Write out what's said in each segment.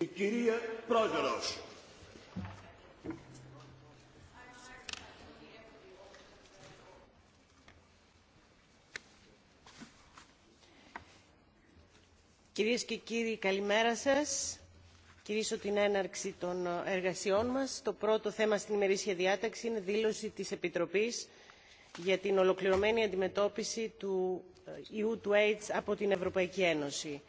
Η κυρία Πρόεδρος. Κυρίες και κύριοι, καλημέρα σας. Κυρίσω την έναρξη των εργασιών μας. Το πρώτο θέμα στην ημερήσια διάταξη είναι δήλωση της Επιτροπής για την ολοκληρωμένη αντιμετώπιση του ε, ιού του AIDS από την Ευρωπαϊκή Ένωση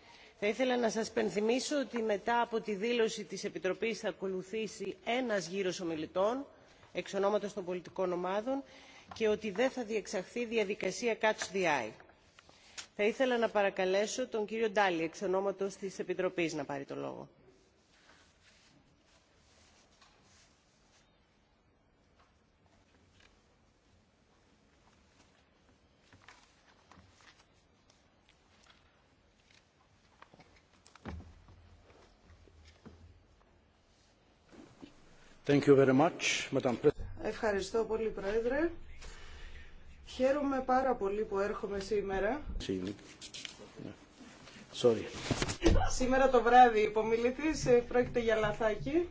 θα ήθελα να σας πενθυμίσω ότι μετά από τη δήλωση της Επιτροπής θα ακολουθήσει ένας γύρος ομιλητών εξ ονόματος των πολιτικών ομάδων και ότι δεν θα διεξαχθεί διαδικασία Catch the Eye. Θα ήθελα να παρακαλέσω τον κύριο Ντάλι εξ ονόματος της Επιτροπής να πάρει το λόγο. Ευχαριστώ πολύ, Πρόεδρε. Χαίρομαι πάρα πολύ που έρχομαι σήμερα. Sorry. Σήμερα το βράδυ υπομιλητής ε, πρόκειται για λαθάκι.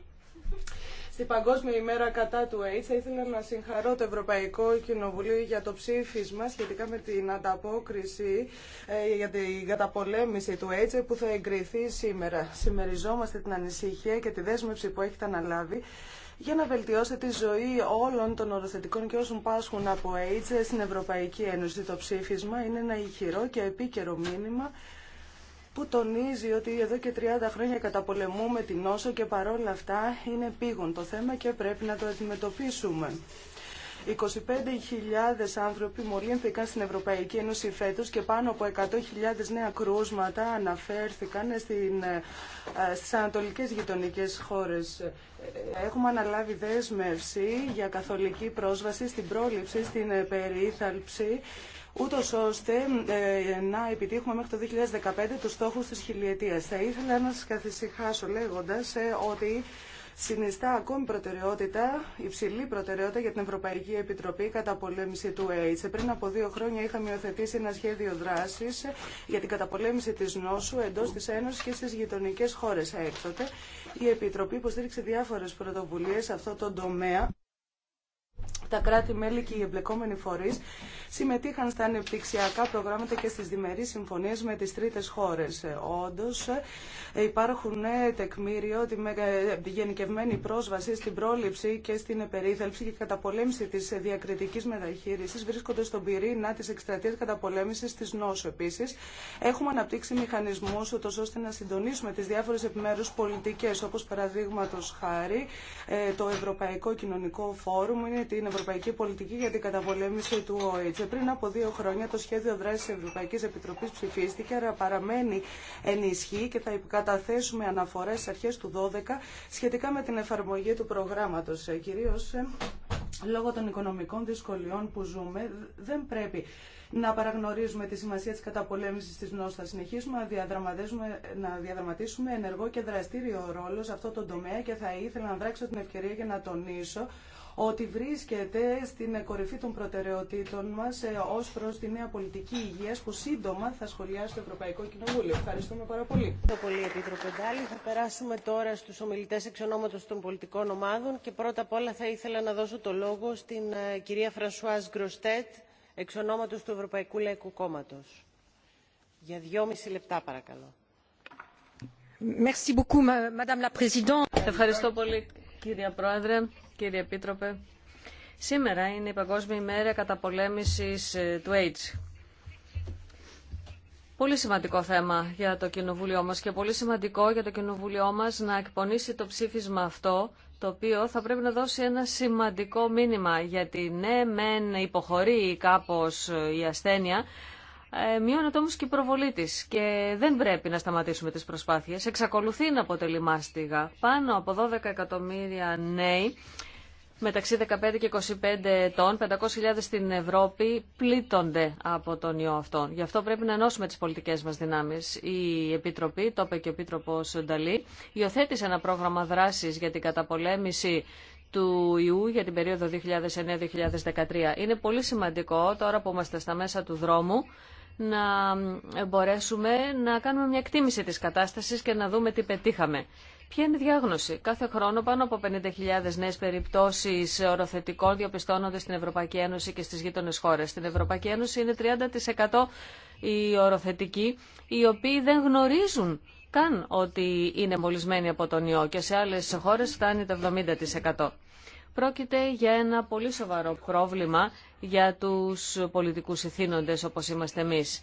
Στην Παγκόσμια ημέρα κατά του AIDS θα ήθελα να συγχαρώ το Ευρωπαϊκό Κοινοβουλίο για το ψήφισμα σχετικά με την ανταπόκριση ε, για την καταπολέμηση του AIDS που θα εγκριθεί σήμερα. Σημεριζόμαστε την ανησυχία και τη δέσμευση που έχετε αναλάβει για να βελτιώσετε τη ζωή όλων των οροθετικών και όσων πάσχουν από AIDS στην Ευρωπαϊκή Ένωση. Το ψήφισμα είναι ένα ηχηρό και επίκαιρο μήνυμα που τονίζει ότι εδώ και 30 χρόνια καταπολεμούμε την νόσο και παρόλα αυτά είναι πήγον το θέμα και πρέπει να το αντιμετωπίσουμε. 25.000 άνθρωποι μολύνθηκαν στην Ευρωπαϊκή Ένωση Φέτο και πάνω από 100.000 νέα κρούσματα αναφέρθηκαν στι ε, στις ανατολικές γειτονικές χώρες. Έχουμε αναλάβει δέσμευση για καθολική πρόσβαση στην πρόληψη, στην περίθαλψη ούτω ώστε ε, να επιτύχουμε μέχρι το 2015 τους στόχου της χιλιετίας. Θα ήθελα να σα καθησυχάσω λέγοντα ε, ότι συνιστά ακόμη προτεραιότητα, υψηλή προτεραιότητα για την Ευρωπαϊκή Επιτροπή καταπολέμηση του AIDS. Πριν από δύο χρόνια είχαμε υιοθετήσει ένα σχέδιο δράση για την καταπολέμηση τη νόσου εντό τη Ένωση και στι γειτονικέ χώρε έκτοτε. Η Επιτροπή υποστήριξε διάφορε πρωτοβουλίε σε αυτό το τομέα. Τα κράτη-μέλη και οι εμπλεκόμενοι φορείς συμμετείχαν στα ανεπτυξιακά προγράμματα και στις διμερείς συμφωνίες με τις τρίτες χώρες. Ε, όντως ε, υπάρχουν ε, τεκμήριο ότι με γενικευμένη πρόσβαση στην πρόληψη και στην περίθαλψη και καταπολέμηση της διακριτικής μεταχείρισης βρίσκονται στον πυρήνα της εκστρατείας καταπολέμησης της νόσου. Επίσης, έχουμε αναπτύξει μηχανισμούς ώστε να συντονίσουμε τις διάφορες επιμέρους πολιτικές, όπως παραδείγματο χάρη το Ευρωπαϊκό Κοινωνικό Φόρουμ, είναι την Ευρωπαϊκή Πολιτική για την Καταπολέμηση του ΟΗΤΣ. Πριν από δύο χρόνια το σχέδιο δράση τη Ευρωπαϊκή Επιτροπή ψηφίστηκε, αλλά παραμένει ενισχύ και θα καταθέσουμε αναφορέ στι αρχέ του 2012 σχετικά με την εφαρμογή του προγράμματο. Ε, Κυρίω ε, λόγω των οικονομικών δυσκολιών που ζούμε, δεν πρέπει να παραγνωρίζουμε τη σημασία της καταπολέμησης της νόσου. Θα συνεχίσουμε να διαδραματίσουμε, να διαδραματίσουμε ενεργό και δραστήριο ρόλο σε αυτό το τομέα και θα ήθελα να δράξω την ευκαιρία για να τονίσω ότι βρίσκεται στην κορυφή των προτεραιοτήτων μας ε, ω προ τη νέα πολιτική υγείας που σύντομα θα σχολιάσει το Ευρωπαϊκό Κοινοβούλιο. Ευχαριστούμε πάρα πολύ. Ευχαριστώ πολύ, Επίτροπε Ντάλη. Θα περάσουμε τώρα στους ομιλητές εξ των πολιτικών ομάδων και πρώτα απ' όλα θα ήθελα να δώσω το λόγο στην ε, κυρία Φρανσουάζ Γκροστέτ εξ του Ευρωπαϊκού Λαϊκού Κόμματος. Για δυόμιση λεπτά παρακαλώ. Merci beaucoup, Madame la Présidente. Ευχαριστώ πολύ, κυρία Πρόεδρε κύριε Επίτροπε. Σήμερα είναι η Παγκόσμια ημέρα καταπολέμησης ε, του AIDS. Πολύ σημαντικό θέμα για το Κοινοβούλιο μας και πολύ σημαντικό για το Κοινοβούλιο μας να εκπονήσει το ψήφισμα αυτό, το οποίο θα πρέπει να δώσει ένα σημαντικό μήνυμα, γιατί ναι, μεν υποχωρεί κάπως ε, η ασθένεια, ε, μειώνεται όμως και η προβολή της και δεν πρέπει να σταματήσουμε τις προσπάθειες. Εξακολουθεί να αποτελεί μάστιγα. Πάνω από 12 εκατομμύρια νέοι μεταξύ 15 και 25 ετών, 500.000 στην Ευρώπη πλήττονται από τον ιό αυτό. Γι' αυτό πρέπει να ενώσουμε τις πολιτικές μας δυνάμεις. Η Επιτροπή, το είπε και ο Επίτροπος Νταλή, υιοθέτησε ένα πρόγραμμα δράσης για την καταπολέμηση του ιού για την περίοδο 2009-2013. Είναι πολύ σημαντικό τώρα που είμαστε στα μέσα του δρόμου να μπορέσουμε να κάνουμε μια εκτίμηση της κατάστασης και να δούμε τι πετύχαμε. Ποια είναι η διάγνωση. Κάθε χρόνο πάνω από 50.000 νέες περιπτώσεις οροθετικών διαπιστώνονται στην Ευρωπαϊκή Ένωση και στις γείτονε χώρες. Στην Ευρωπαϊκή Ένωση είναι 30% οι οροθετικοί οι οποίοι δεν γνωρίζουν καν ότι είναι μολυσμένοι από τον ιό και σε άλλες χώρες φτάνει το 70%. Πρόκειται για ένα πολύ σοβαρό πρόβλημα για τους πολιτικούς ηθήνοντες όπως είμαστε εμείς.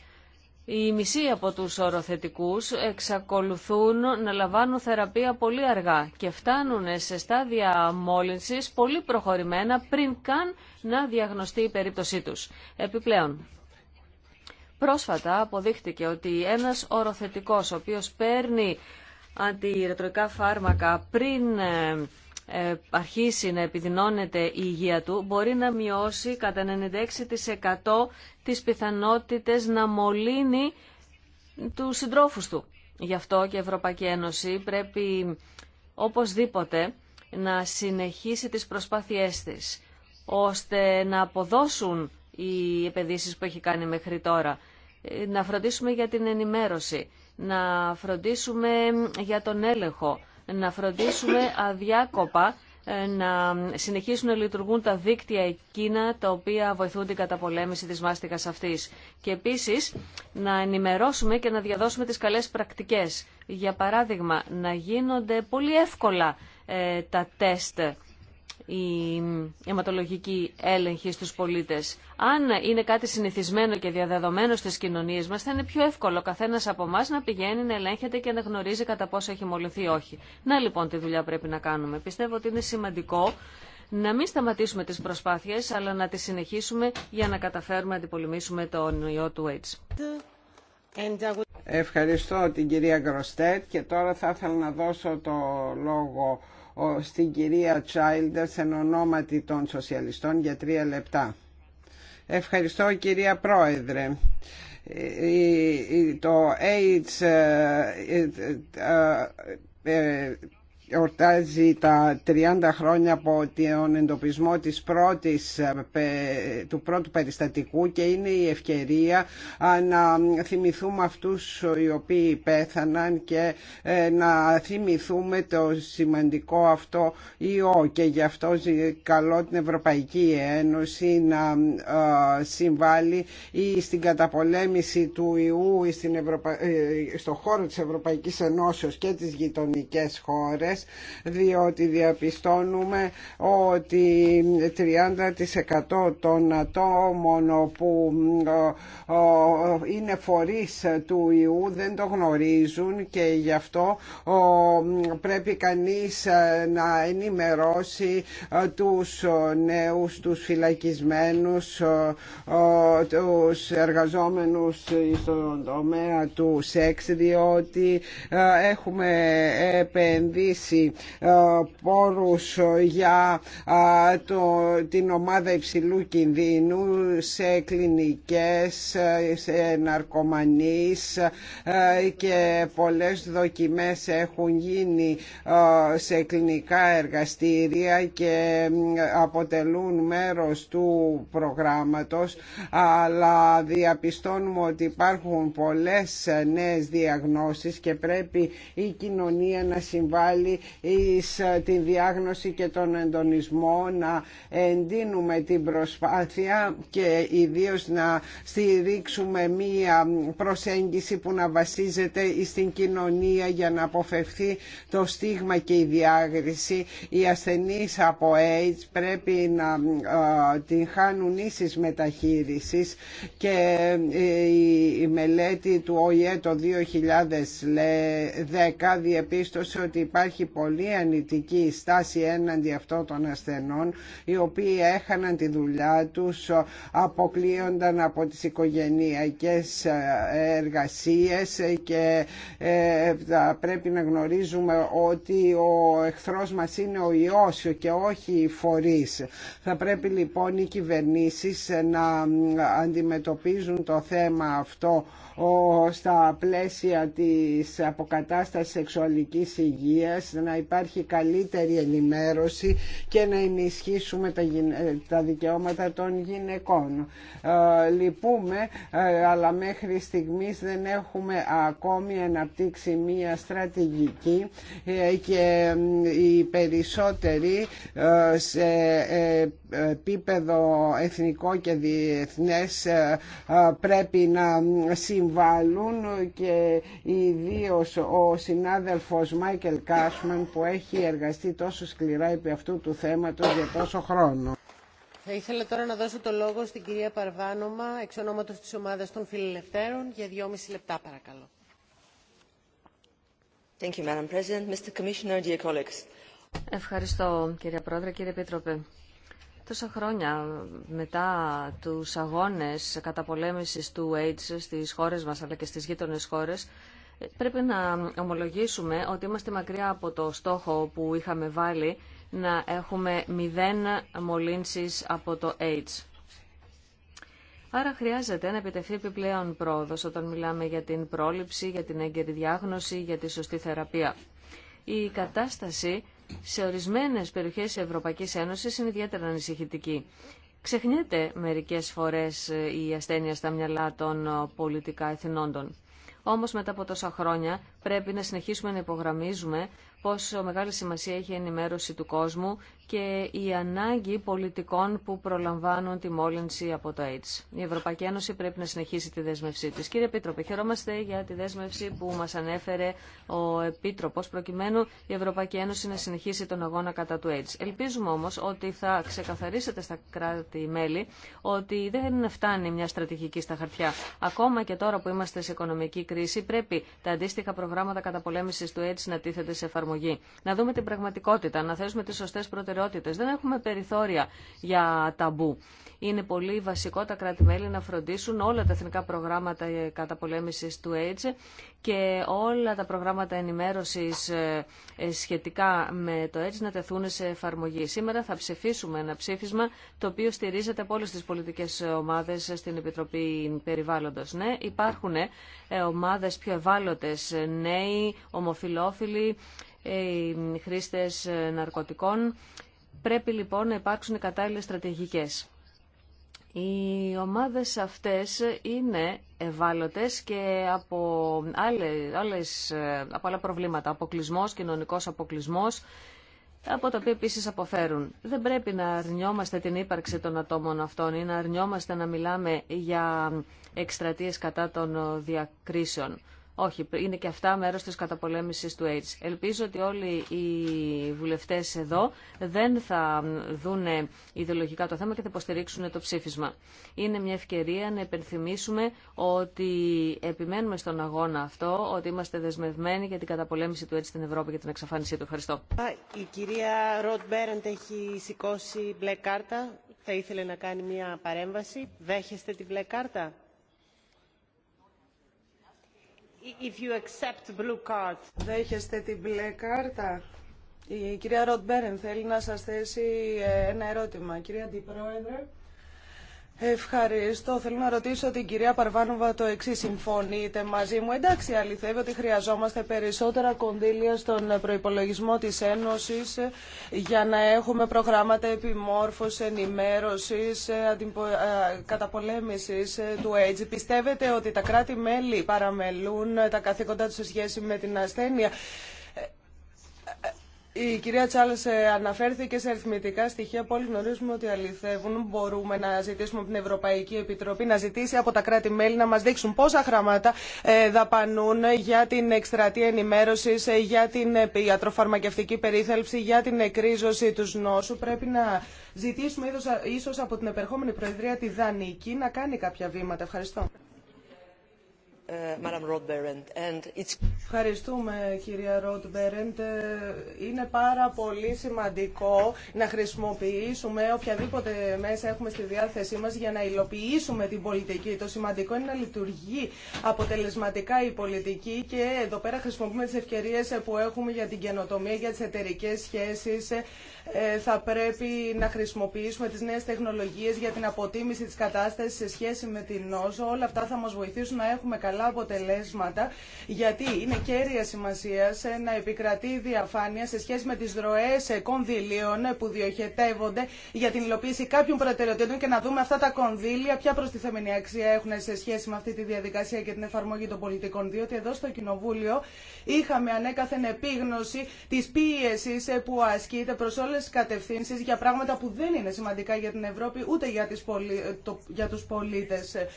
Οι μισοί από τους οροθετικούς εξακολουθούν να λαμβάνουν θεραπεία πολύ αργά και φτάνουν σε στάδια μόλυνσης πολύ προχωρημένα πριν καν να διαγνωστεί η περίπτωσή τους. Επιπλέον, πρόσφατα αποδείχτηκε ότι ένας οροθετικός ο οποίος παίρνει αντιρετροϊκά φάρμακα πριν ε, ε, αρχίσει να επιδεινώνεται η υγεία του μπορεί να μειώσει κατά 96% τις πιθανότητες να μολύνει του συντρόφου του. Γι' αυτό και η Ευρωπαϊκή Ένωση πρέπει οπωσδήποτε να συνεχίσει τις προσπάθειές της, ώστε να αποδώσουν οι επενδύσεις που έχει κάνει μέχρι τώρα, να φροντίσουμε για την ενημέρωση, να φροντίσουμε για τον έλεγχο, να φροντίσουμε αδιάκοπα ε, να συνεχίσουν να λειτουργούν τα δίκτυα εκείνα τα οποία βοηθούν την καταπολέμηση της μάστιγας αυτής. Και επίσης να ενημερώσουμε και να διαδώσουμε τις καλές πρακτικές. Για παράδειγμα, να γίνονται πολύ εύκολα ε, τα τεστ η αιματολογική έλεγχη στους πολίτες. Αν είναι κάτι συνηθισμένο και διαδεδομένο στις κοινωνίες μας, θα είναι πιο εύκολο καθένας από εμά να πηγαίνει να ελέγχεται και να γνωρίζει κατά πόσο έχει μολυνθεί ή όχι. Να λοιπόν τι δουλειά πρέπει να κάνουμε. Πιστεύω ότι είναι σημαντικό να μην σταματήσουμε τις προσπάθειες, αλλά να τις συνεχίσουμε για να καταφέρουμε να αντιπολιμήσουμε τον ιό του AIDS. Ευχαριστώ την κυρία Γκροστέτ και τώρα θα ήθελα να δώσω το λόγο στην κυρία Τσάιλντερς εν ονόματι των σοσιαλιστών για τρία λεπτά. Ευχαριστώ κυρία Πρόεδρε ε, ε, ε, το AIDS ορτάζει τα 30 χρόνια από τον εντοπισμό της πρώτης, ε, του πρώτου περιστατικού και είναι η ευκαιρία να θυμηθούμε αυτούς οι οποίοι πέθαναν και ε, να θυμηθούμε το σημαντικό αυτό ιό και γι' αυτό καλό την Ευρωπαϊκή Ένωση να ε, συμβάλλει ή στην καταπολέμηση του ιού στον χώρο της Ευρωπαϊκής Ενώσεως και τις γειτονικές χώρες διότι διαπιστώνουμε ότι 30% των ατόμων που ε, ε, είναι φορείς του ιού δεν το γνωρίζουν και γι' αυτό ε, πρέπει κανείς να ενημερώσει τους νέους, τους φυλακισμένους, τους εργαζόμενους στον τομέα του σεξ διότι έχουμε επενδύσει Πόρου ε, πόρους για ε, το, την ομάδα υψηλού κινδύνου σε κλινικές, ε, σε ναρκωμανείς και πολλές δοκιμές έχουν γίνει σε κλινικά εργαστήρια και αποτελούν μέρος του προγράμματος αλλά διαπιστώνουμε ότι υπάρχουν πολλές νέες διαγνώσεις και πρέπει η κοινωνία να συμβάλλει εις ε, την διάγνωση και τον εντονισμό, να εντείνουμε την προσπάθεια και ιδίως να στηρίξουμε μία προσέγγιση που να βασίζεται στην κοινωνία για να αποφευθεί το στίγμα και η διάγρυση. Οι ασθενείς από AIDS πρέπει να ε, την χάνουν ίσης μεταχείρισης και ε, η μελέτη του ΟΗΕ το 2010 διεπίστωσε ότι υπάρχει πολύ ανητική στάση έναντι αυτών των ασθενών οι οποίοι έχαναν τη δουλειά τους, αποκλείονταν από τις οικογενειακές ε, εργασίες και ε, θα πρέπει να γνωρίζουμε ότι ο εχθρός μας είναι ο ιός και όχι οι φορείς. Θα πρέπει λοιπόν οι κυβερνήσεις ε, να αντιμετωπίζουν το θέμα αυτό στα πλαίσια της αποκατάστασης σεξουαλικής υγείας να υπάρχει καλύτερη ενημέρωση και να ενισχύσουμε τα ε, δικαιώματα των γυναικών. Ε, λυπούμε, ε, αλλά μέχρι στιγμής δεν έχουμε ακόμη αναπτύξει μία στρατηγική και οι περισσότεροι σε επίπεδο εθνικό και διεθνές πρέπει να συμβάλλουν και ιδίω ο συνάδελφος Μάικελ Κάσου που έχει εργαστεί τόσο σκληρά επί αυτού του θέματος για τόσο χρόνο. Θα ήθελα τώρα να δώσω το λόγο στην κυρία Παρβάνομα, εξ ονόματος της ομάδας των Φιλελευθέρων, για δυόμιση λεπτά παρακαλώ. Thank you, Madam President. Mr. Commissioner, dear colleagues. Ευχαριστώ κυρία Πρόεδρε, κύριε Επίτροπε. Τόσα χρόνια μετά τους αγώνες καταπολέμησης του AIDS στις χώρες μας αλλά και στις γείτονες χώρες, Πρέπει να ομολογήσουμε ότι είμαστε μακριά από το στόχο που είχαμε βάλει να έχουμε μηδέν μολύνσεις από το AIDS. Άρα χρειάζεται να επιτεθεί επιπλέον πρόοδος όταν μιλάμε για την πρόληψη, για την έγκαιρη διάγνωση, για τη σωστή θεραπεία. Η κατάσταση σε ορισμένες περιοχές της Ευρωπαϊκής Ένωσης είναι ιδιαίτερα ανησυχητική. Ξεχνιέται μερικές φορές ε, η ασθένεια στα μυαλά των ε, πολιτικά εθνόντων. Όμως μετά από τόσα χρόνια πρέπει να συνεχίσουμε να υπογραμμίζουμε πόσο μεγάλη σημασία έχει η ενημέρωση του κόσμου και η ανάγκη πολιτικών που προλαμβάνουν τη μόλυνση από το AIDS. Η Ευρωπαϊκή Ένωση πρέπει να συνεχίσει τη δέσμευσή της. Κύριε Επίτροπε, χαιρόμαστε για τη δέσμευση που μας ανέφερε ο Επίτροπος, προκειμένου η Ευρωπαϊκή Ένωση να συνεχίσει τον αγώνα κατά του AIDS. Ελπίζουμε όμως ότι θα ξεκαθαρίσετε στα κράτη-μέλη ότι δεν φτάνει μια στρατηγική στα χαρτιά. Ακόμα και τώρα που είμαστε σε οικονομική κρίση, πρέπει τα αντίστοιχα προγράμματα καταπολέμησης του AIDS να τίθεται σε εφαρμογή. Να δούμε την πραγματικότητα, να θέσουμε τις σωστές προτεραιότητες δεν έχουμε περιθώρια για ταμπού. Είναι πολύ βασικό τα κράτη-μέλη να φροντίσουν όλα τα εθνικά προγράμματα καταπολέμησης του AIDS και όλα τα προγράμματα ενημέρωση ε, ε, σχετικά με το AIDS να τεθούν σε εφαρμογή. Σήμερα θα ψηφίσουμε ένα ψήφισμα το οποίο στηρίζεται από όλε τι πολιτικέ ομάδε στην Επιτροπή περιβάλλοντο. Ναι, υπάρχουν ε, ομάδε πιο ευάλωτε νέοι, ομοφιλόφιλοι, ε, οι χρήστες ε, ναρκωτικών. Πρέπει λοιπόν να υπάρξουν κατάλληλες στρατηγικές. Οι ομάδες αυτές είναι ευάλωτες και από, άλλες, ε, από άλλα προβλήματα, αποκλεισμός, κοινωνικός αποκλεισμός, από τα οποία επίση αποφέρουν. Δεν πρέπει να αρνιόμαστε την ύπαρξη των ατόμων αυτών ή να αρνιόμαστε να μιλάμε για εκστρατείε κατά των διακρίσεων. Όχι, είναι και αυτά μέρος της καταπολέμησης του AIDS. Ελπίζω ότι όλοι οι βουλευτές εδώ δεν θα δούνε ιδεολογικά το θέμα και θα υποστηρίξουν το ψήφισμα. Είναι μια ευκαιρία να επενθυμίσουμε ότι επιμένουμε στον αγώνα αυτό, ότι είμαστε δεσμευμένοι για την καταπολέμηση του AIDS στην Ευρώπη και την εξαφάνισή του. Ευχαριστώ. Η κυρία Ροτ Μπέρεντ έχει σηκώσει μπλε κάρτα. Θα ήθελε να κάνει μια παρέμβαση. Δέχεστε την μπλε κάρτα. If you accept Δέχεστε την μπλε κάρτα. Η κυρία Ροτ θέλει να σας θέσει ε, ένα ερώτημα. Κυρία Αντιπρόεδρε. Ευχαριστώ. Θέλω να ρωτήσω την κυρία Παρβάνοβα το εξή. Συμφωνείτε μαζί μου. Εντάξει, αληθεύει ότι χρειαζόμαστε περισσότερα κονδύλια στον προπολογισμό τη Ένωση ε, για να έχουμε προγράμματα επιμόρφωση, ενημέρωση, ε, ε, καταπολέμηση του AIDS. Πιστεύετε ότι τα κράτη-μέλη παραμελούν τα καθήκοντά του σε σχέση με την ασθένεια. Η κυρία Τσάλλας ε, αναφέρθηκε σε αριθμητικά στοιχεία που όλοι γνωρίζουμε ότι αληθεύουν. Μπορούμε να ζητήσουμε από την Ευρωπαϊκή Επιτροπή να ζητήσει από τα κράτη-μέλη να μας δείξουν πόσα χρήματα ε, δαπανούν για την εκστρατεία ενημέρωση ε, για την ιατροφαρμακευτική περίθαλψη, για την εκρίζωση του νόσου. Πρέπει να ζητήσουμε ίσω από την επερχόμενη Προεδρία τη Δανική να κάνει κάποια βήματα. Ευχαριστώ. Ευχαριστούμε κυρία Ροτ Είναι πάρα πολύ σημαντικό να χρησιμοποιήσουμε οποιαδήποτε μέσα έχουμε στη διάθεσή μας για να υλοποιήσουμε την πολιτική. Το σημαντικό είναι να λειτουργεί αποτελεσματικά η πολιτική και εδώ πέρα χρησιμοποιούμε τις ευκαιρίες που έχουμε για την καινοτομία, για τις εταιρικέ σχέσεις. Ε, θα πρέπει να χρησιμοποιήσουμε τις νέες τεχνολογίες για την αποτίμηση της κατάστασης σε σχέση με την νόσο. Όλα αυτά θα μας βοηθήσουν να έχουμε καλά αποτελέσματα, γιατί είναι κέρια σημασία να επικρατεί η διαφάνεια σε σχέση με τι ροέ κονδυλίων που διοχετεύονται για την υλοποίηση κάποιων προτεραιοτήτων και να δούμε αυτά τα κονδύλια, ποια προστιθέμενη αξία έχουν σε σχέση με αυτή τη διαδικασία και την εφαρμογή των πολιτικών. Διότι εδώ στο Κοινοβούλιο είχαμε ανέκαθεν επίγνωση τη πίεση που ασκείται προ όλε τι κατευθύνσει για πράγματα που δεν είναι σημαντικά για την Ευρώπη ούτε για, τις πολι... για τους πολίτες. Ε,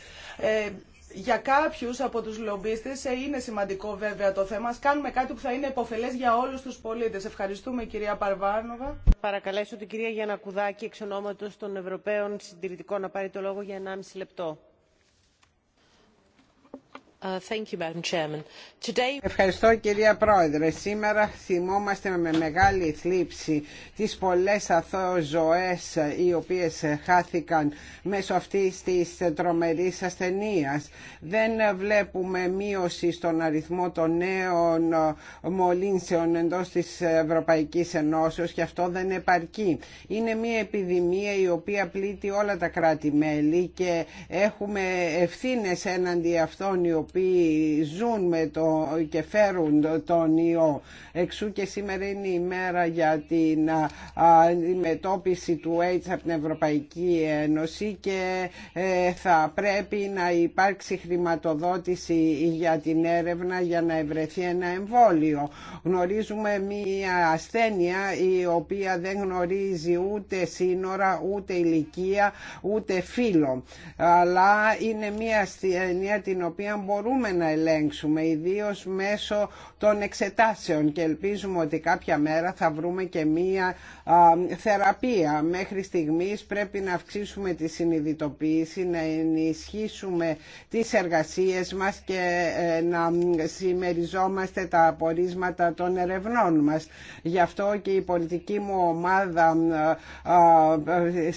για κάποιους από τους λομπίστες ε, είναι σημαντικό βέβαια το θέμα. κάνουμε κάτι που θα είναι υποφελέ για όλους τους πολίτες. Ευχαριστούμε κυρία Παρβάνοβα. Παρακαλέσω την κυρία Γιάννα Κουδάκη εξ των Ευρωπαίων Συντηρητικών να πάρει το λόγο για 1,5 λεπτό. Uh, Ευχαριστώ κυρία Πρόεδρε. Σήμερα θυμόμαστε με μεγάλη θλίψη τις πολλές αθώες ζωές οι οποίες χάθηκαν μέσω αυτής της τρομερής ασθενείας. Δεν βλέπουμε μείωση στον αριθμό των νέων μολύνσεων εντός της Ευρωπαϊκής Ενώσεως και αυτό δεν επαρκεί. Είναι μια επιδημία η οποία πλήττει όλα τα κράτη-μέλη και έχουμε ευθύνες έναντι αυτών οι οποίοι ζουν με το, και φέρουν τον ιό. Εξού και σήμερα είναι η μέρα για την αντιμετώπιση του AIDS από την Ευρωπαϊκή Ένωση και ε, θα πρέπει να υπάρξει χρηματοδότηση για την έρευνα για να ευρεθεί ένα εμβόλιο. Γνωρίζουμε μία ασθένεια η οποία δεν γνωρίζει ούτε σύνορα, ούτε ηλικία, ούτε φίλο Αλλά είναι μία ασθένεια την οποία μπορούμε να ελέγξουμε, ιδίω μέσω των εξετάσεων και ελπίζουμε ότι κάποια μέρα θα βρούμε και μία θεραπεία. Μέχρι στιγμής πρέπει να αυξήσουμε τη συνειδητοποίηση, να ενισχύσουμε τις εργασίες μας και ε, να συμμεριζόμαστε τα απορίσματα των ερευνών μας. Γι' αυτό και η πολιτική μου ομάδα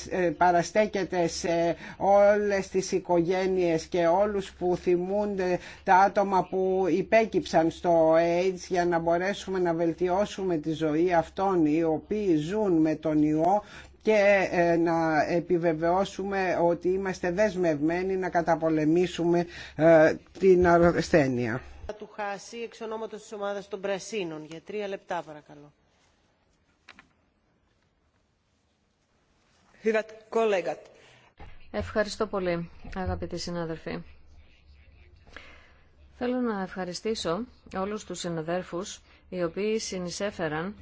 ε, παραστέκεται σε όλες τις οικογένειες και όλους που θυμούνται τα άτομα που υπέκυψαν στο AIDS για να μπορέσουμε να βελτιώσουμε τη ζωή αυτών οι οποίοι ζουν με τον ιό και ε, να επιβεβαιώσουμε ότι είμαστε δεσμευμένοι να καταπολεμήσουμε ε, την ασθένεια. Του χάσει εξ της ομάδας των Για τρία λεπτά παρακαλώ. Ευχαριστώ πολύ, αγαπητοί συνάδελφοι. Θέλω να ευχαριστήσω όλους τους συναδέρφους οι οποίοι συνεισέφεραν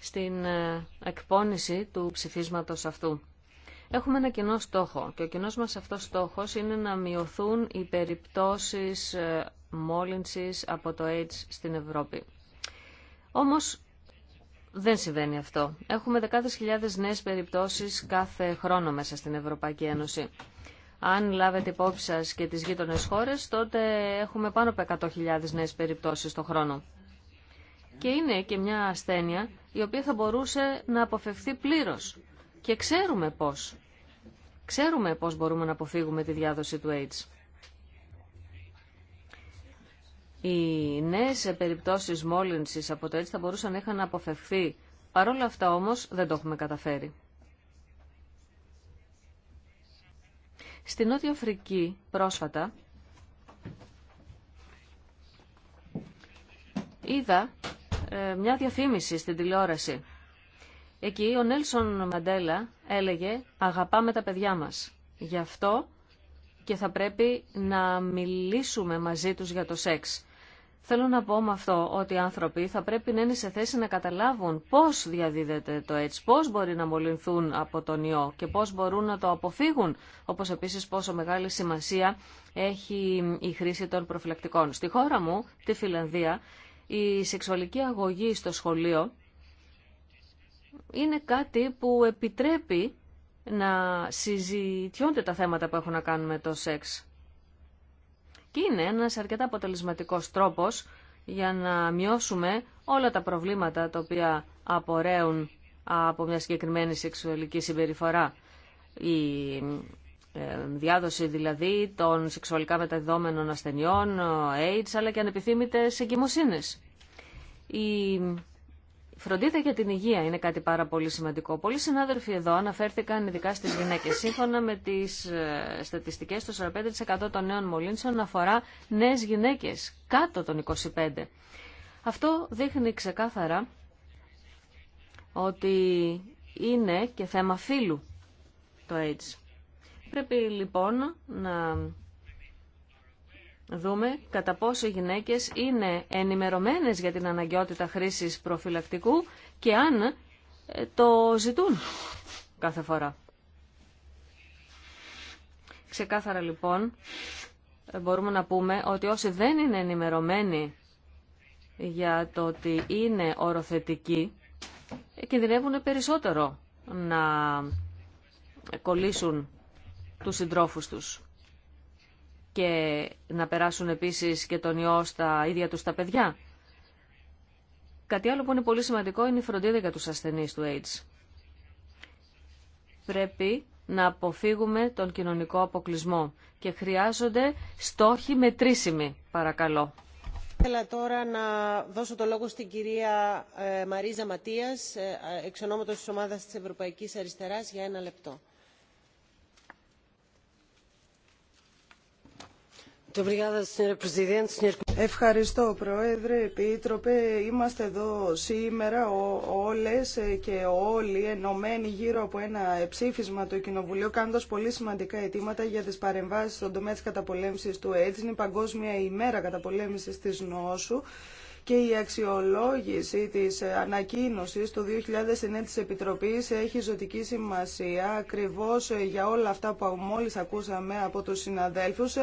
στην ε, εκπόνηση του ψηφίσματος αυτού. Έχουμε ένα κοινό στόχο και ο κοινός μας αυτός στόχος είναι να μειωθούν οι περιπτώσεις ε, μόλυνσης από το AIDS στην Ευρώπη. Όμως δεν συμβαίνει αυτό. Έχουμε δεκάδες χιλιάδες νέες περιπτώσεις κάθε χρόνο μέσα στην Ευρωπαϊκή Ένωση. Αν λάβετε υπόψη σα και τις γείτονες χώρες, τότε έχουμε πάνω από 100.000 νέες περιπτώσεις το χρόνο. Και είναι και μια ασθένεια η οποία θα μπορούσε να αποφευθεί πλήρως. Και ξέρουμε πώς. Ξέρουμε πώς μπορούμε να αποφύγουμε τη διάδοση του AIDS. Οι νέες περιπτώσεις μόλυνσης από το AIDS θα μπορούσαν να είχαν αποφευθεί. Παρ' όλα αυτά όμως δεν το έχουμε καταφέρει. Στη Νότια Αφρική πρόσφατα είδα ε, μια διαφήμιση στην τηλεόραση. Εκεί ο Νέλσον Μαντέλα έλεγε «Αγαπάμε τα παιδιά μας». Γι' αυτό και θα πρέπει να μιλήσουμε μαζί τους για το σεξ. Θέλω να πω με αυτό ότι οι άνθρωποι θα πρέπει να είναι σε θέση να καταλάβουν πώς διαδίδεται το έτσι, πώς μπορεί να μολυνθούν από τον ιό και πώς μπορούν να το αποφύγουν, όπως επίσης πόσο μεγάλη σημασία έχει η χρήση των προφυλακτικών. Στη χώρα μου, τη Φιλανδία, η σεξουαλική αγωγή στο σχολείο είναι κάτι που επιτρέπει να συζητιώνται τα θέματα που έχουν να κάνουν με το σεξ και είναι ένας αρκετά αποτελεσματικός τρόπος για να μειώσουμε όλα τα προβλήματα τα οποία απορρέουν από μια συγκεκριμένη σεξουαλική συμπεριφορά. Η ε, διάδοση δηλαδή των σεξουαλικά μεταδεδομένων ασθενειών, AIDS, αλλά και ανεπιθύμητες εγκυμοσύνες. Η Φροντίδα για την υγεία είναι κάτι πάρα πολύ σημαντικό. Πολλοί συνάδελφοι εδώ αναφέρθηκαν ειδικά στις γυναίκες. Σύμφωνα με τις ε, στατιστικές, το 45% των νέων μολύνσεων αφορά νέες γυναίκες κάτω των 25. Αυτό δείχνει ξεκάθαρα ότι είναι και θέμα φύλου το AIDS. Πρέπει λοιπόν να δούμε κατά πόσο οι γυναίκες είναι ενημερωμένες για την αναγκαιότητα χρήσης προφυλακτικού και αν ε, το ζητούν κάθε φορά. Ξεκάθαρα λοιπόν ε, μπορούμε να πούμε ότι όσοι δεν είναι ενημερωμένοι για το ότι είναι οροθετικοί ε, κινδυνεύουν περισσότερο να κολλήσουν τους συντρόφους τους και να περάσουν επίσης και τον ιό στα ίδια τους τα παιδιά. Κάτι άλλο που είναι πολύ σημαντικό είναι η φροντίδα για τους ασθενείς του AIDS. Πρέπει να αποφύγουμε τον κοινωνικό αποκλεισμό και χρειάζονται στόχοι μετρήσιμοι, παρακαλώ. Θέλω τώρα να δώσω το λόγο στην κυρία ε, Μαρίζα Ματίας, ε, εξ ονόματος της ομάδας της Ευρωπαϊκής Αριστεράς, για ένα λεπτό. Ευχαριστώ Πρόεδρε, Επίτροπε. Είμαστε εδώ σήμερα όλες ε, και όλοι ενωμένοι γύρω από ένα ψήφισμα του Κοινοβουλίου κάνοντας πολύ σημαντικά αιτήματα για τις παρεμβάσεις στον τομέα της καταπολέμησης του AIDS. Είναι η Παγκόσμια ημέρα καταπολέμησης της νόσου και η αξιολόγηση της ανακοίνωσης του 2009 της Επιτροπής έχει ζωτική σημασία ακριβώς για όλα αυτά που μόλις ακούσαμε από τους συναδέλφους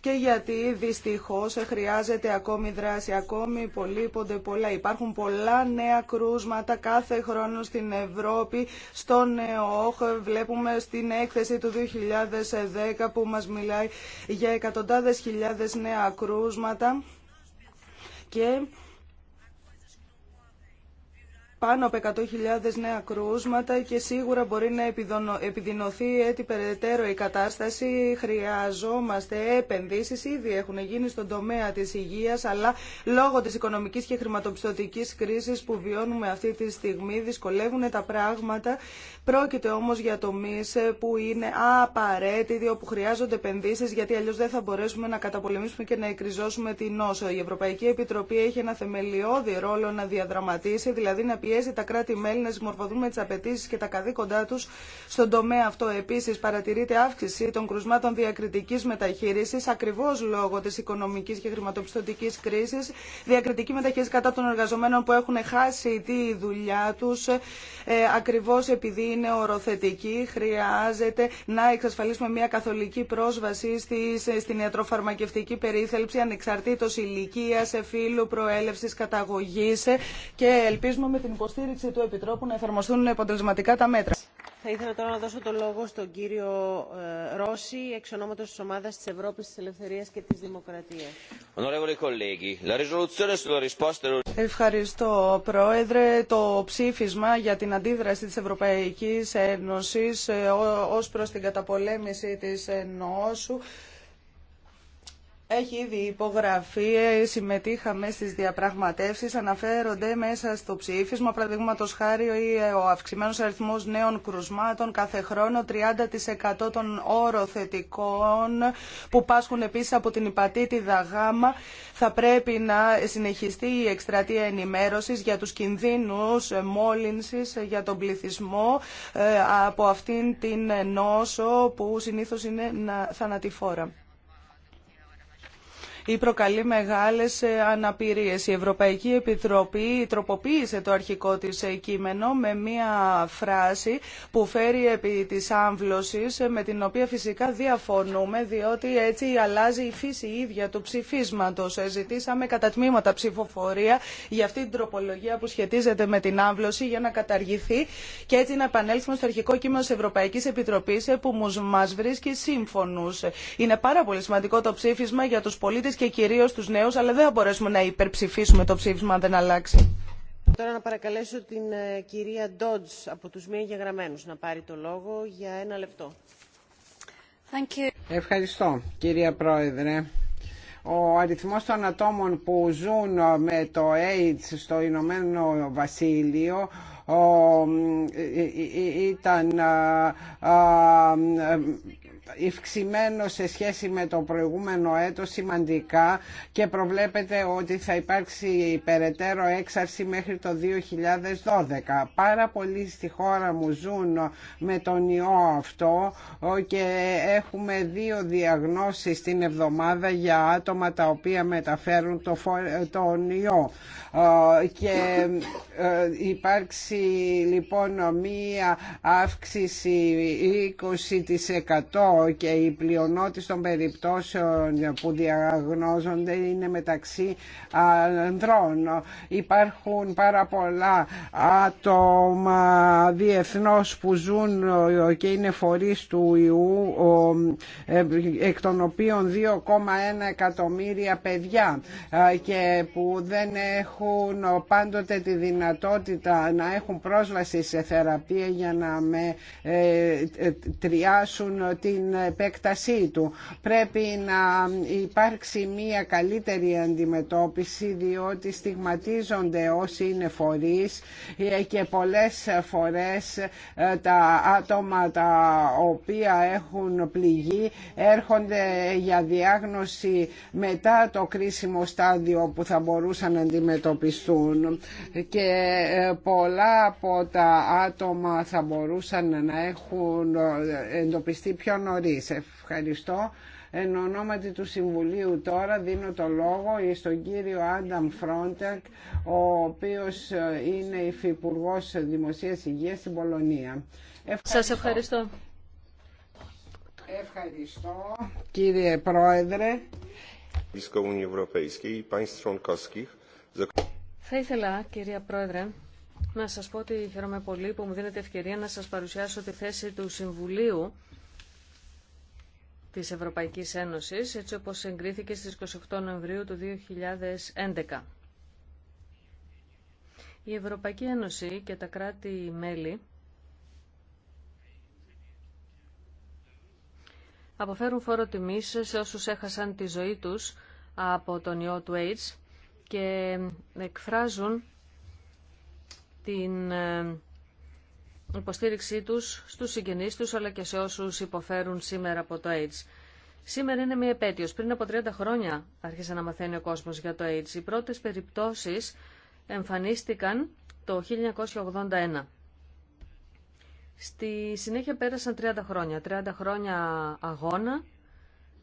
και γιατί δυστυχώς χρειάζεται ακόμη δράση, ακόμη υπολείπονται πολλά. Υπάρχουν πολλά νέα κρούσματα κάθε χρόνο στην Ευρώπη, στον ΕΟΧ, βλέπουμε στην έκθεση του 2010 που μας μιλάει για εκατοντάδες χιλιάδες νέα κρούσματα και πάνω από 100.000 νέα κρούσματα και σίγουρα μπορεί να επιδεινωθεί έτσι περαιτέρω η κατάσταση. Χρειαζόμαστε επενδύσεις, ήδη έχουν γίνει στον τομέα της υγείας, αλλά λόγω της οικονομικής και χρηματοπιστωτικής κρίσης που βιώνουμε αυτή τη στιγμή δυσκολεύουν τα πράγματα. Πρόκειται όμως για τομείς ε, που είναι απαραίτητοι, όπου χρειάζονται επενδύσεις, γιατί αλλιώς δεν θα μπορέσουμε να καταπολεμήσουμε και να εκριζώσουμε την νόσο. Η Ευρωπαϊκή Επιτροπή έχει ένα θεμελιώδη ρόλο να διαδραματίσει, δηλαδή να πιέζει τα κράτη-μέλη να συμμορφωθούν με τι απαιτήσει και τα καθήκοντά του στον τομέα αυτό. Επίση, παρατηρείται αύξηση των κρουσμάτων διακριτική μεταχείριση ακριβώ λόγω τη οικονομική και χρηματοπιστωτική κρίση. Διακριτική μεταχείριση κατά των εργαζομένων που έχουν χάσει τη δουλειά του ε, ακριβώ επειδή είναι οροθετική. Χρειάζεται να εξασφαλίσουμε μια καθολική πρόσβαση ε, στην ιατροφαρμακευτική περίθαλψη ανεξαρτήτω ηλικία, ε, φύλου, προέλευση, καταγωγή και ελπίζουμε με την υποστήριξη του Επιτρόπου να εφαρμοστούν αποτελεσματικά τα μέτρα. Θα ήθελα τώρα να δώσω το λόγο στον κύριο ε, Ρώση, εξ ονόματος της ομάδας της Ευρώπης, της Ελευθερίας και τη Δημοκρατία. Ευχαριστώ, Πρόεδρε. Το ψήφισμα για την αντίδραση της Ευρωπαϊκή Ένωση ε, ω προ την καταπολέμηση της νόσου έχει ήδη υπογραφεί, συμμετείχαμε στις διαπραγματεύσεις, αναφέρονται μέσα στο ψήφισμα, παραδείγματο χάρη ο αυξημένος αριθμός νέων κρουσμάτων κάθε χρόνο, 30% των όροθετικών που πάσχουν επίσης από την υπατήτηδα γάμα. Θα πρέπει να συνεχιστεί η εκστρατεία ενημέρωσης για τους κινδύνους μόλυνσης για τον πληθυσμό ε, από αυτήν την νόσο που συνήθως είναι θανατηφόρα ή προκαλεί μεγάλες ε, αναπηρίες. Η Ευρωπαϊκή Επιτροπή τροποποίησε το αρχικό της ε, κείμενο με μία φράση που φέρει επί της άμβλωσης ε, με την οποία φυσικά διαφωνούμε διότι έτσι αλλάζει η φύση ίδια του ψηφίσματος. Ζητήσαμε κατά τμήματα ψηφοφορία για αυτή την τροπολογία που σχετίζεται με την άμβλωση για να καταργηθεί και έτσι να επανέλθουμε στο αρχικό κείμενο της Ευρωπαϊκής Επιτροπής που μας βρίσκει σύμφωνους. Είναι πάρα πολύ σημαντικό το ψήφισμα για τους πολίτες και κυρίως τους νέους, αλλά δεν θα μπορέσουμε να υπερψηφίσουμε το ψήφισμα αν δεν αλλάξει. Τώρα να παρακαλέσω την ε, κυρία Ντότζ από τους μη να πάρει το λόγο για ένα λεπτό. Ευχαριστώ κυρία Πρόεδρε. Ο αριθμός των ατόμων που ζουν ε, με το AIDS στο Ηνωμένο Βασίλειο ε, ήταν ευξημένο σε σχέση με το προηγούμενο έτος σημαντικά και προβλέπεται ότι θα υπάρξει περαιτέρω έξαρση μέχρι το 2012. Πάρα πολλοί στη χώρα μου ζουν με τον ιό αυτό και έχουμε δύο διαγνώσεις την εβδομάδα για άτομα τα οποία μεταφέρουν το τον ιό ε, και ε, υπάρξει λοιπόν μία αύξηση 20% και η πλειονότητα των περιπτώσεων που διαγνώζονται είναι μεταξύ ανδρών. Υπάρχουν πάρα πολλά άτομα διεθνώς που ζουν και είναι φορείς του ιού ε, εκ των οποίων 2,1 εκατομμύρια παιδιά ε, και που δεν έχουν πάντοτε τη δυνατότητα να έχουν πρόσβαση σε θεραπεία για να με ε, τριάσουν την επέκτασή του. Πρέπει να υπάρξει μια καλύτερη αντιμετώπιση διότι στιγματίζονται όσοι είναι φορείς και πολλές φορές ε, τα άτομα τα οποία έχουν πληγεί έρχονται για διάγνωση μετά το κρίσιμο στάδιο που θα μπορούσαν να αντιμετωπιστούν και ε, πολλά από τα άτομα θα μπορούσαν να έχουν ε, εντοπιστεί πιο νωρίς Ευχαριστώ. Εν ονόματι του Συμβουλίου τώρα δίνω το λόγο στον κύριο Άνταμ Φρόντεκ, ο οποίος ε, είναι υφυπουργό Δημοσίας Υγείας στην Πολωνία. Ευχαριστώ. Σας ευχαριστώ. Ευχαριστώ κύριε Πρόεδρε. Θα ήθελα κυρία Πρόεδρε να σας πω ότι χαίρομαι πολύ που μου δίνετε ευκαιρία να σας παρουσιάσω τη θέση του Συμβουλίου της Ευρωπαϊκής Ένωσης, έτσι όπως εγκρίθηκε στις 28 Νοεμβρίου του 2011. Η Ευρωπαϊκή Ένωση και τα κράτη-μέλη αποφέρουν φόρο τιμής σε όσους έχασαν τη ζωή τους από τον ιό του AIDS και εκφράζουν την ε, υποστήριξή τους στους συγγενείς τους αλλά και σε όσους υποφέρουν σήμερα από το AIDS. Σήμερα είναι μια επέτειος. Πριν από 30 χρόνια άρχισε να μαθαίνει ο κόσμος για το AIDS. Οι πρώτες περιπτώσεις εμφανίστηκαν το 1981. Στη συνέχεια πέρασαν 30 χρόνια. 30 χρόνια αγώνα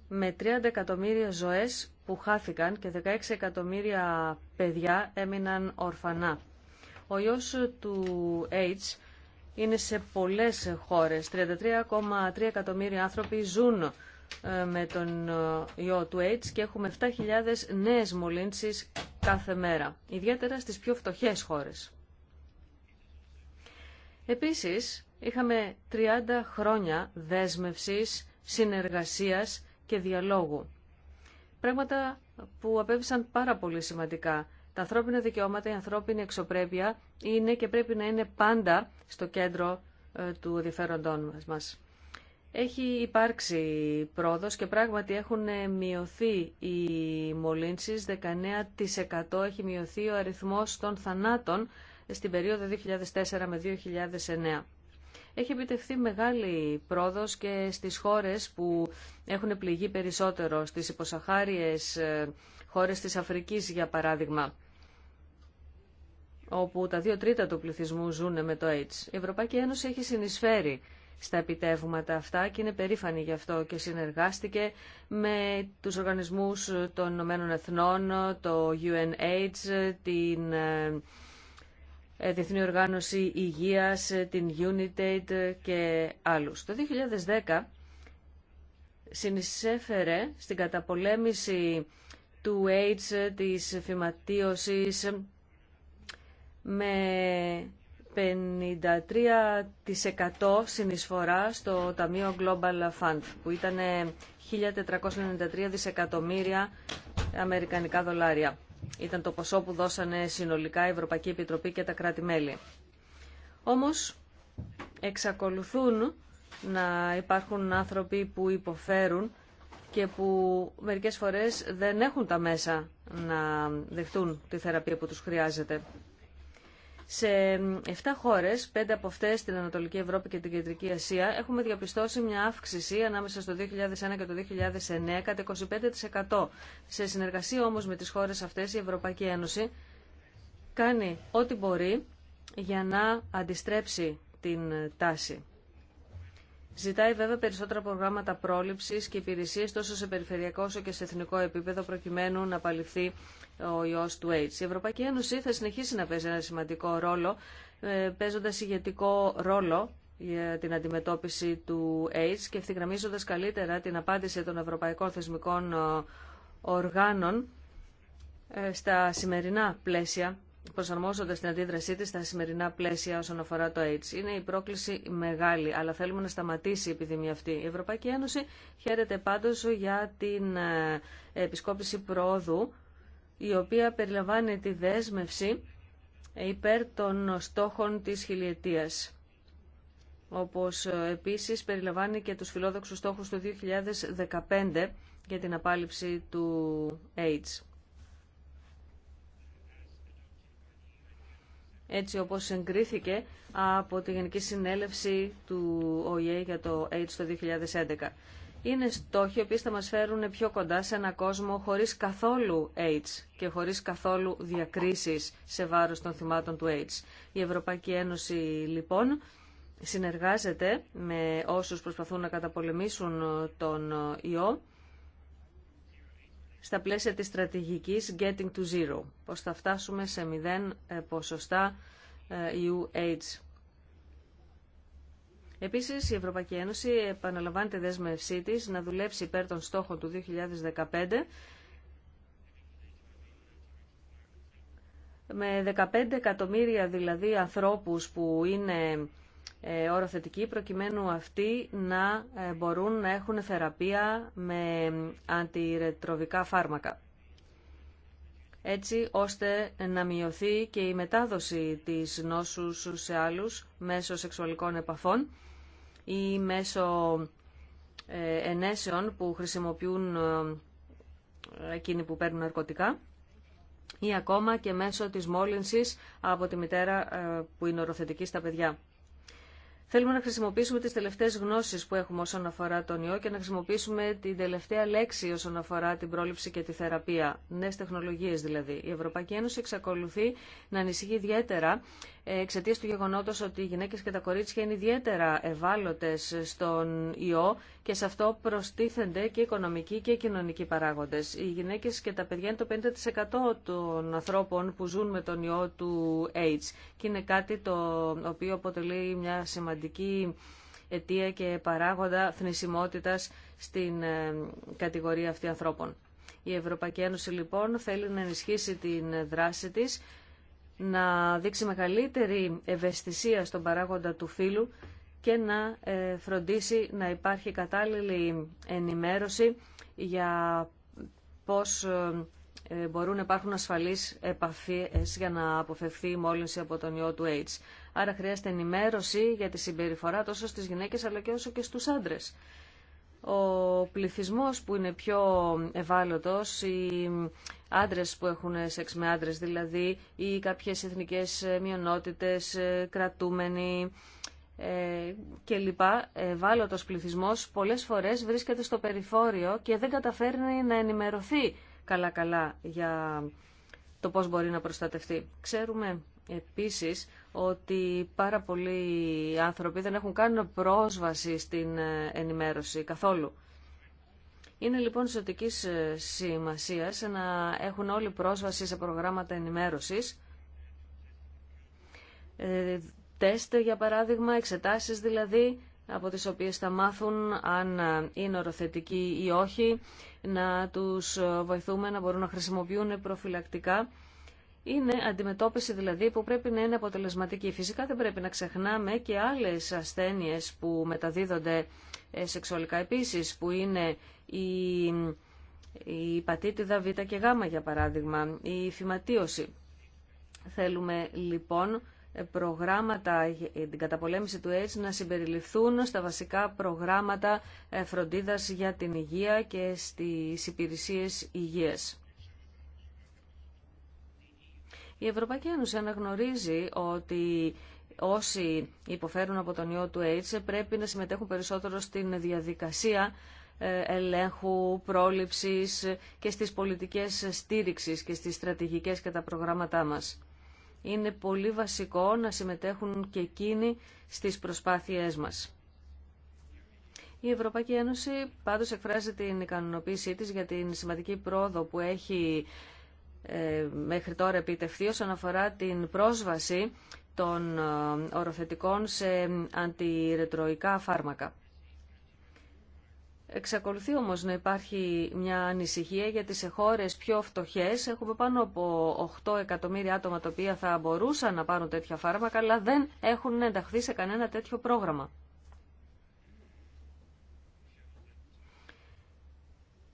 με 30 εκατομμύρια ζωές που χάθηκαν και 16 εκατομμύρια παιδιά έμειναν ορφανά. Ο ιός του AIDS είναι σε πολλές χώρες. 33,3 εκατομμύρια άνθρωποι ζουν ε, με τον ε, ιό του AIDS και έχουμε 7.000 νέες μολύνσεις κάθε μέρα, ιδιαίτερα στις πιο φτωχές χώρες. Επίσης, είχαμε 30 χρόνια δέσμευσης, συνεργασίας και διαλόγου. Πράγματα που απέβησαν πάρα πολύ σημαντικά τα ανθρώπινα δικαιώματα, η ανθρώπινη εξωπρέπεια είναι και πρέπει να είναι πάντα στο κέντρο ε, του ενδιαφέροντών μας. Έχει υπάρξει πρόοδος και πράγματι έχουν ε, μειωθεί οι μολύνσεις. 19% έχει μειωθεί ο αριθμός των θανάτων στην περίοδο 2004 με 2009. Έχει επιτευχθεί μεγάλη πρόοδος και στις χώρες που έχουν πληγεί περισσότερο, στις υποσαχάριες ε, χώρες της Αφρικής για παράδειγμα όπου τα δύο τρίτα του πληθυσμού ζουν με το AIDS. Η Ευρωπαϊκή Ένωση έχει συνεισφέρει στα επιτεύγματα αυτά και είναι περήφανη γι' αυτό και συνεργάστηκε με τους οργανισμούς των Ηνωμένων Εθνών, το UNAIDS, την ε, Διεθνή Οργάνωση Υγείας, την UNITAID και άλλους. Το 2010 συνεισέφερε στην καταπολέμηση του AIDS, της φυματίωσης, με 53% συνεισφορά στο Ταμείο Global Fund, που ήταν 1.493 δισεκατομμύρια αμερικανικά δολάρια. Ήταν το ποσό που δώσανε συνολικά η Ευρωπαϊκή Επιτροπή και τα κράτη-μέλη. Όμως, εξακολουθούν να υπάρχουν άνθρωποι που υποφέρουν και που μερικές φορές δεν έχουν τα μέσα να δεχτούν τη θεραπεία που τους χρειάζεται. Σε 7 χώρες, 5 από αυτές στην Ανατολική Ευρώπη και την Κεντρική Ασία, έχουμε διαπιστώσει μια αύξηση ανάμεσα στο 2001 και το 2009 κατά 25%. Σε συνεργασία όμως με τις χώρες αυτές η Ευρωπαϊκή Ένωση κάνει ό,τι μπορεί για να αντιστρέψει την τάση. Ζητάει βέβαια περισσότερα προγράμματα πρόληψη και υπηρεσίε τόσο σε περιφερειακό όσο και σε εθνικό επίπεδο προκειμένου να απαλληφθεί ο ιός του AIDS. Η Ευρωπαϊκή Ένωση θα συνεχίσει να παίζει ένα σημαντικό ρόλο, ε, παίζοντας ηγετικό ρόλο για την αντιμετώπιση του AIDS και ευθυγραμμίζοντας καλύτερα την απάντηση των ευρωπαϊκών θεσμικών ε, οργάνων ε, στα σημερινά πλαίσια, προσαρμόζοντας την αντίδρασή της στα σημερινά πλαίσια όσον αφορά το AIDS. Είναι η πρόκληση μεγάλη, αλλά θέλουμε να σταματήσει η επιδημία αυτή. Η Ευρωπαϊκή Ένωση χαίρεται πάντω για την επισκόπηση πρόοδου η οποία περιλαμβάνει τη δέσμευση υπέρ των στόχων της χιλιετίας. Όπως ε, επίσης περιλαμβάνει και τους φιλόδοξους στόχους του 2015 για την απάλληψη του AIDS. έτσι όπως εγκρίθηκε από τη Γενική Συνέλευση του ΟΗΕ για το AIDS το 2011 είναι στόχοι που θα μας φέρουν πιο κοντά σε ένα κόσμο χωρίς καθόλου AIDS και χωρίς καθόλου διακρίσεις σε βάρος των θυμάτων του AIDS. Η Ευρωπαϊκή Ένωση λοιπόν συνεργάζεται με όσους προσπαθούν να καταπολεμήσουν τον ιό στα πλαίσια της στρατηγικής Getting to Zero, πως θα φτάσουμε σε μηδέν ε, ποσοστά ε, ιού AIDS Επίσης, η Ευρωπαϊκή Ένωση επαναλαμβάνει τη δέσμευσή της να δουλέψει υπέρ των στόχων του 2015 με 15 εκατομμύρια δηλαδή ανθρώπους που είναι ε, οροθετικοί προκειμένου αυτοί να ε, μπορούν να έχουν θεραπεία με ε, αντιρετροβικά φάρμακα έτσι ώστε να μειωθεί και η μετάδοση της νόσου σε άλλους μέσω σεξουαλικών επαφών ή μέσω ε, ενέσεων που χρησιμοποιούν ε, εκείνοι που παίρνουν ναρκωτικά ή ακόμα και μέσω της μόλυνσης από τη μητέρα ε, που είναι οροθετική στα παιδιά. Θέλουμε να χρησιμοποιήσουμε τις τελευταίες γνώσεις που έχουμε όσον αφορά τον ιό και να χρησιμοποιήσουμε την τελευταία λέξη όσον αφορά την πρόληψη και τη θεραπεία. Νέες τεχνολογίες δηλαδή. Η Ευρωπαϊκή Ένωση εξακολουθεί να ανησυχεί ιδιαίτερα εξαιτία του γεγονότο ότι οι γυναίκε και τα κορίτσια είναι ιδιαίτερα ευάλωτε στον ιό και σε αυτό προστίθενται και οικονομικοί και κοινωνικοί παράγοντε. Οι γυναίκε και τα παιδιά είναι το 50% των ανθρώπων που ζουν με τον ιό του AIDS και είναι κάτι το οποίο αποτελεί μια σημαντική αιτία και παράγοντα θνησιμότητας στην ε, κατηγορία αυτή ανθρώπων. Η Ευρωπαϊκή Ένωση λοιπόν θέλει να ενισχύσει την δράση της να δείξει μεγαλύτερη ευαισθησία στον παράγοντα του φύλου και να ε, φροντίσει να υπάρχει κατάλληλη ενημέρωση για πώς ε, ε, μπορούν να υπάρχουν ασφαλείς επαφές για να αποφευθεί η μόλυνση από τον ιό του AIDS. Άρα χρειάζεται ενημέρωση για τη συμπεριφορά τόσο στις γυναίκες αλλά και όσο και στους άντρες ο πληθυσμός που είναι πιο ευάλωτος, οι άντρες που έχουν σεξ με άντρες δηλαδή, ή κάποιες εθνικές μειονότητες, κρατούμενοι ε, κλπ. Ευάλωτος πληθυσμός πολλές φορές βρίσκεται στο περιφόριο και δεν καταφέρνει να ενημερωθεί καλά-καλά για το πώς μπορεί να προστατευτεί. Ξέρουμε επίσης ότι πάρα πολλοί άνθρωποι δεν έχουν καν πρόσβαση στην ε, ενημέρωση καθόλου. Είναι λοιπόν ζωτική ε, σημασία να έχουν όλοι πρόσβαση σε προγράμματα ενημέρωσης, ε, τεστ για παράδειγμα, εξετάσεις δηλαδή, από τις οποίες θα μάθουν αν είναι οροθετικοί ή όχι, να τους βοηθούμε να μπορούν να χρησιμοποιούν προφυλακτικά είναι αντιμετώπιση δηλαδή που πρέπει να είναι αποτελεσματική. Φυσικά δεν πρέπει να ξεχνάμε και άλλες ασθένειες που μεταδίδονται ε, σεξουαλικά επίσης, που είναι η, η πατήτιδα Β και Γ για παράδειγμα, η φυματίωση. Θέλουμε λοιπόν ε, προγράμματα για την καταπολέμηση του AIDS να συμπεριληφθούν στα βασικά προγράμματα ε, φροντίδας για την υγεία και στις υπηρεσίες υγείας. Η Ευρωπαϊκή Ένωση αναγνωρίζει ότι όσοι υποφέρουν από τον ιό του AIDS πρέπει να συμμετέχουν περισσότερο στην διαδικασία ε, ελέγχου, πρόληψης και στις πολιτικές στήριξης και στις στρατηγικές και τα προγράμματά μας. Είναι πολύ βασικό να συμμετέχουν και εκείνοι στις προσπάθειές μας. Η Ευρωπαϊκή Ένωση πάντως εκφράζει την ικανοποίησή της για την σημαντική πρόοδο που έχει ε, μέχρι τώρα επιτευχθεί όσον αφορά την πρόσβαση των ε, οροθετικών σε αντιρετροϊκά φάρμακα. Εξακολουθεί όμως να υπάρχει μια ανησυχία γιατί σε χώρες πιο φτωχές έχουμε πάνω από 8 εκατομμύρια άτομα τα οποία θα μπορούσαν να πάρουν τέτοια φάρμακα αλλά δεν έχουν ενταχθεί σε κανένα τέτοιο πρόγραμμα.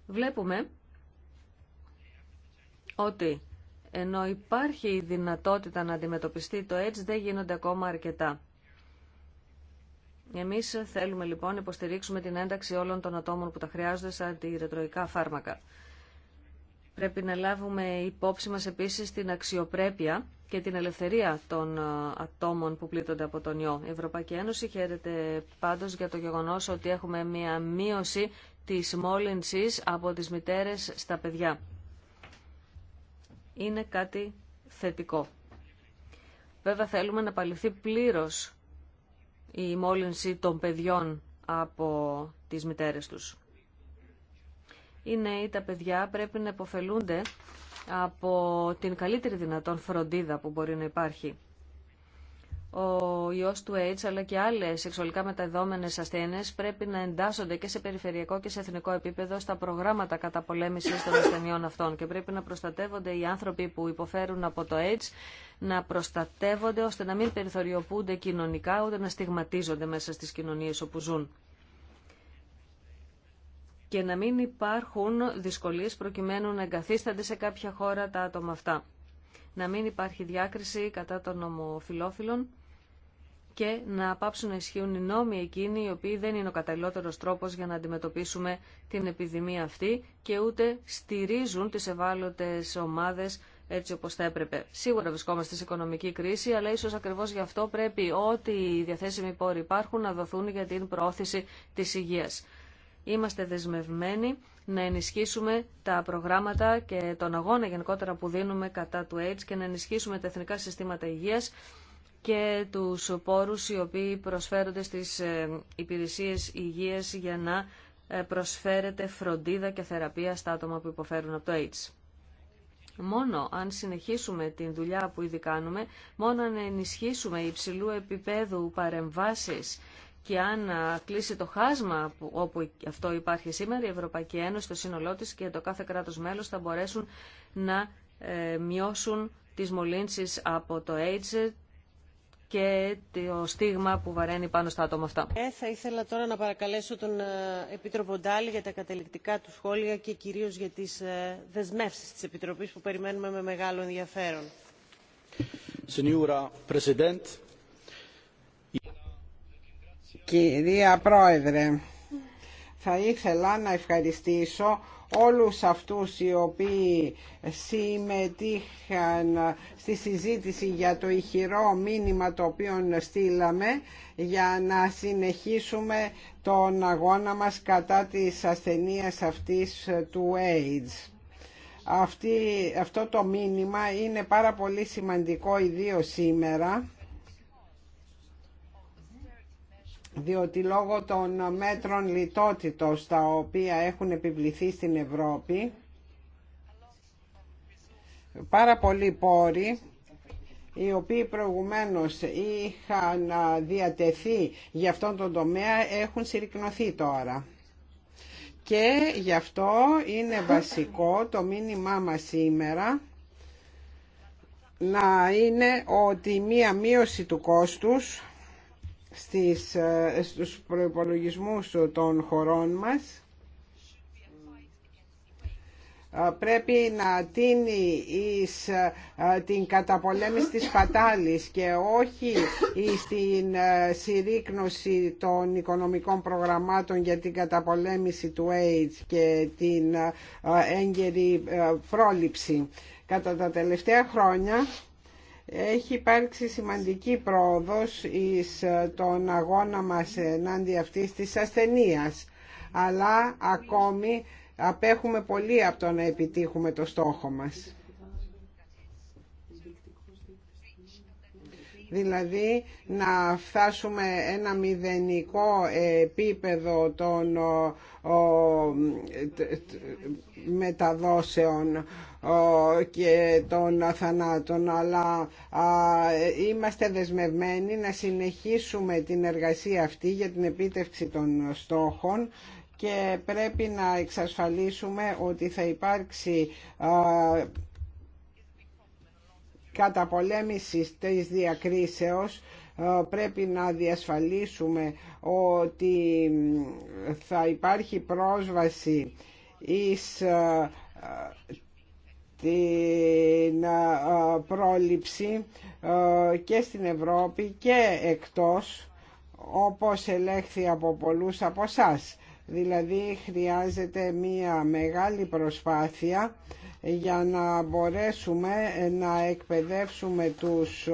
Βλέπουμε ότι ενώ υπάρχει η δυνατότητα να αντιμετωπιστεί το έτσι δεν γίνονται ακόμα αρκετά. Εμείς θέλουμε λοιπόν να υποστηρίξουμε την ένταξη όλων των ατόμων που τα χρειάζονται σαν τη ρετροϊκά φάρμακα. Πρέπει να λάβουμε υπόψη μας επίσης την αξιοπρέπεια και την ελευθερία των ε, ατόμων που πλήττονται από τον ιό. Η Ευρωπαϊκή Ένωση χαίρεται πάντως για το γεγονός ότι έχουμε μία μείωση της μόλυνσης από τις μητέρες στα παιδιά είναι κάτι θετικό. Βέβαια θέλουμε να παληθεί πλήρως η μόλυνση των παιδιών από τις μητέρες τους. Οι νέοι, τα παιδιά πρέπει να υποφελούνται από την καλύτερη δυνατόν φροντίδα που μπορεί να υπάρχει ο ιός του AIDS αλλά και άλλες σεξουαλικά μεταδόμενες ασθένειες πρέπει να εντάσσονται και σε περιφερειακό και σε εθνικό επίπεδο στα προγράμματα καταπολέμησης των ασθενειών αυτών και πρέπει να προστατεύονται οι άνθρωποι που υποφέρουν από το AIDS να προστατεύονται ώστε να μην περιθωριοποιούνται κοινωνικά ούτε να στιγματίζονται μέσα στις κοινωνίες όπου ζουν και να μην υπάρχουν δυσκολίες προκειμένου να εγκαθίστανται σε κάποια χώρα τα άτομα αυτά. Να μην υπάρχει διάκριση κατά των ομοφιλόφιλων και να πάψουν να ισχύουν οι νόμοι εκείνοι οι οποίοι δεν είναι ο καταλληλότερος τρόπος για να αντιμετωπίσουμε την επιδημία αυτή και ούτε στηρίζουν τις ευάλωτες ομάδες έτσι όπως θα έπρεπε. Σίγουρα βρισκόμαστε σε οικονομική κρίση, αλλά ίσως ακριβώς γι' αυτό πρέπει ό,τι οι διαθέσιμοι πόροι υπάρχουν να δοθούν για την προώθηση της υγείας. Είμαστε δεσμευμένοι να ενισχύσουμε τα προγράμματα και τον αγώνα γενικότερα που δίνουμε κατά του AIDS και να ενισχύσουμε τα εθνικά συστήματα υγείας και τους πόρους οι οποίοι προσφέρονται στις ε, υπηρεσίες υγείας για να ε, προσφέρεται φροντίδα και θεραπεία στα άτομα που υποφέρουν από το AIDS. Μόνο αν συνεχίσουμε την δουλειά που ήδη κάνουμε, μόνο αν ενισχύσουμε υψηλού επίπεδου παρεμβάσεις και αν κλείσει το χάσμα όπου αυτό υπάρχει σήμερα, η Ευρωπαϊκή Ένωση, το σύνολό της και το κάθε κράτος μέλος θα μπορέσουν να ε, μειώσουν τις μολύνσεις από το AIDS, και το στίγμα που βαραίνει πάνω στα άτομα αυτά. Ε, θα ήθελα τώρα να παρακαλέσω τον ε, Επίτροπο Ντάλη για τα καταληκτικά του σχόλια και κυρίως για τις ε, δεσμεύσεις της Επιτροπής που περιμένουμε με μεγάλο ενδιαφέρον. Κυρία Πρόεδρε, θα ήθελα να ευχαριστήσω όλους αυτούς οι οποίοι συμμετείχαν στη συζήτηση για το ηχηρό μήνυμα το οποίο στείλαμε για να συνεχίσουμε τον αγώνα μας κατά της ασθενείας αυτής του AIDS. Αυτή, αυτό το μήνυμα είναι πάρα πολύ σημαντικό ιδίως σήμερα διότι λόγω των μέτρων λιτότητος τα οποία έχουν επιβληθεί στην Ευρώπη πάρα πολλοί πόροι οι οποίοι προηγουμένως είχαν διατεθεί για αυτόν τον τομέα έχουν συρρυκνωθεί τώρα. Και γι' αυτό είναι βασικό το μήνυμά μας σήμερα να είναι ότι μία μείωση του κόστους στις, ε, στους προϋπολογισμούς των χωρών μας ε, πρέπει να τίνει εις ε, την καταπολέμηση της πατάλης και όχι εις την συρρήκνωση των οικονομικών προγραμμάτων για την καταπολέμηση του AIDS και την έγκαιρη πρόληψη. Κατά τα τελευταία χρόνια έχει υπάρξει σημαντική πρόοδος εις ε, τον αγώνα μας ενάντια αυτής της ασθενείας, αλλά ακόμη απέχουμε πολύ από το να επιτύχουμε το στόχο μας. δηλαδή να φτάσουμε ένα μηδενικό επίπεδο των μεταδόσεων και των θανάτων αλλά είμαστε δεσμευμένοι να συνεχίσουμε την εργασία αυτή για την επίτευξη των στόχων και πρέπει να εξασφαλίσουμε ότι θα υπάρξει καταπολέμηση της διακρίσεως πρέπει να διασφαλίσουμε ότι θα υπάρχει πρόσβαση εις την πρόληψη και στην Ευρώπη και εκτός όπως ελέγχθη από πολλούς από εσά. Δηλαδή χρειάζεται μία μεγάλη προσπάθεια για να μπορέσουμε να εκπαιδεύσουμε τους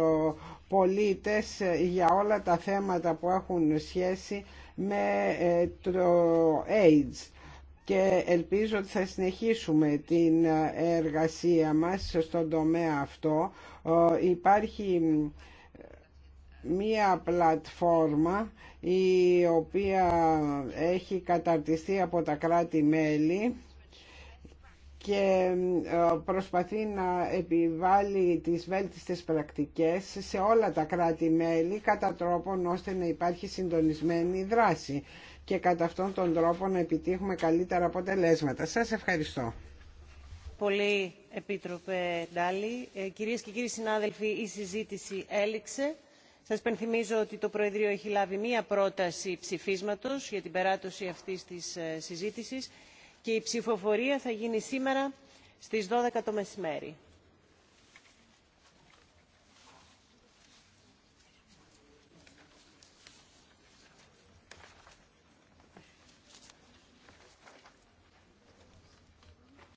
πολίτες για όλα τα θέματα που έχουν σχέση με ε, το AIDS και ελπίζω ότι θα συνεχίσουμε την εργασία μας στον τομέα αυτό. Ε, υπάρχει μία πλατφόρμα η οποία έχει καταρτιστεί από τα κράτη-μέλη και ε, προσπαθεί να επιβάλλει τις βέλτιστες πρακτικές σε όλα τα κράτη-μέλη κατά τρόπον ώστε να υπάρχει συντονισμένη δράση και κατά αυτόν τον τρόπο να επιτύχουμε καλύτερα αποτελέσματα. Σας ευχαριστώ. Πολύ, Επίτροπε Ντάλη. Ε, κυρίες και κύριοι συνάδελφοι, η συζήτηση έληξε. Σας πενθυμίζω ότι το Προεδρείο έχει λάβει μία πρόταση ψηφίσματος για την περάτωση αυτής της ε, συζήτησης και η ψηφοφορία θα γίνει σήμερα στις 12 το μεσημέρι.